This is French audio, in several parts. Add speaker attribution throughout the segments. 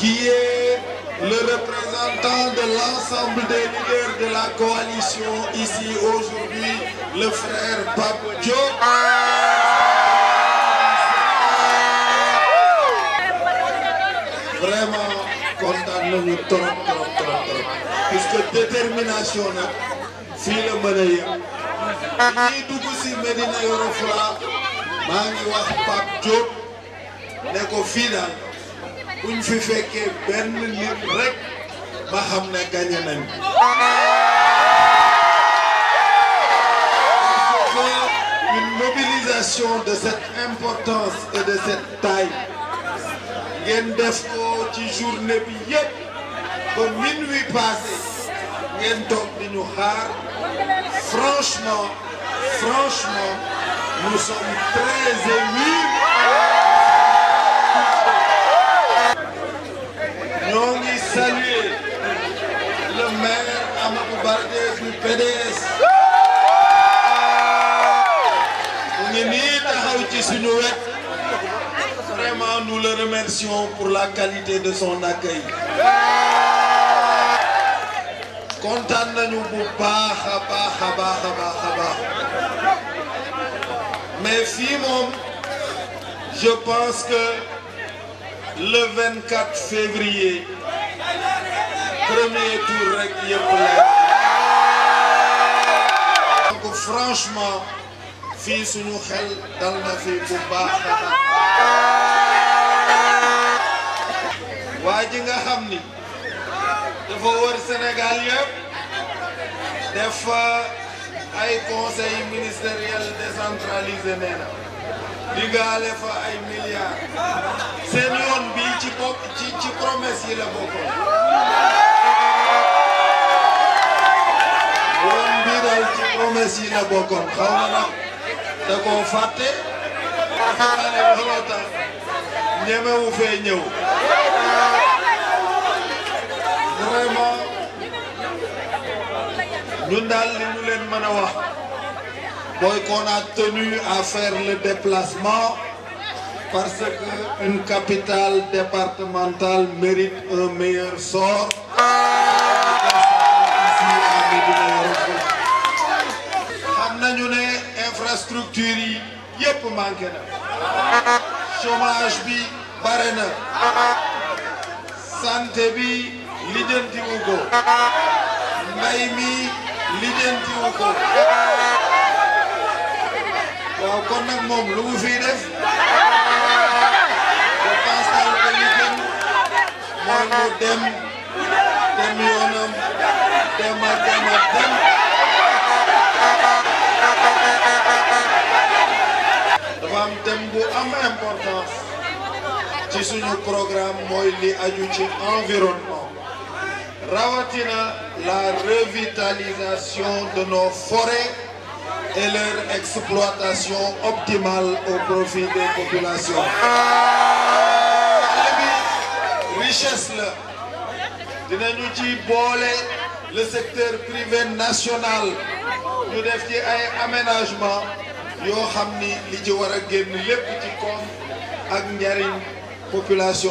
Speaker 1: qui est le représentant de l'ensemble des leaders de la coalition ici aujourd'hui, le frère Pape Vraiment condamnons nous trop trop trop trop puisque détermination c'est le la tout a si Médina Yoro Foulah maa ngi wax Pape buñ fi fekkee benn nit rek ba xam ne gagné nañ une mobilisation de cette importance et de cette taille ngeen def ko ci journée bi yépp ba minuit passé ngeen toog di ñu xaar franchement franchement nous sommes très émus saluer le maire Amadou du PDS. Euh, vraiment nous le remercions pour la qualité de son accueil. Content nañu bu je pense que le 24 février. premier tour rek yëpp la franchement fii suñu xel dal na fi bu baax a baax waa ji nga xam ni dafa wër Sénégal yëpp def ay conseil ministériel décentralisé nee na digaale fa ay milliards seen yoon bi ci promesse yi la bokkoon vraiment qu'on a tenu à faire le déplacement parce qu'une capitale départementale mérite un meilleur sort structures yi yépp manqué na chômage bi bare na santé bi lijjanti wu ko mbay mi lijjanti wu ko waaw kon nag moom lu fii def je pense daal que li gën mooy mu dem dem yoonam dem ak dem ak importance ci suñu programme Moïli li aju environnement rawatina la revitalisation de nos forêts et leur exploitation optimale au profit des populations richesse ci le secteur privé national nous devons ci aménagement population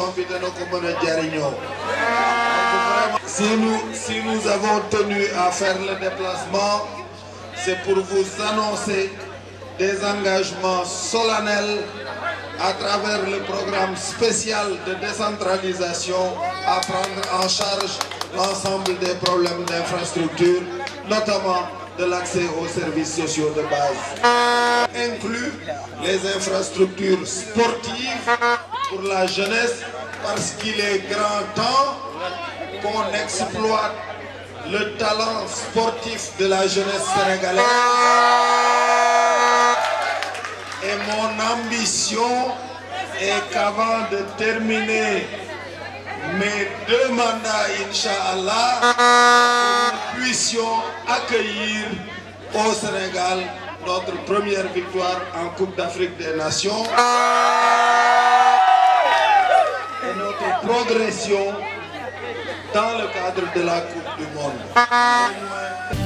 Speaker 1: si nous avons tenu à faire le déplacement c'est pour vous annoncer des engagements solennels à travers le programme spécial de décentralisation à prendre en charge l'ensemble des problèmes d'infrastructure notamment de l'accès aux services sociaux de base, inclut les infrastructures sportives pour la jeunesse parce qu'il est grand temps qu'on exploite le talent sportif de la jeunesse sénégalaise. Et mon ambition est qu'avant de terminer mais deux mandats, Inch'Allah, que nous puissions accueillir au Sénégal notre première victoire en Coupe d'Afrique des Nations et notre progression dans le cadre de la Coupe du Monde.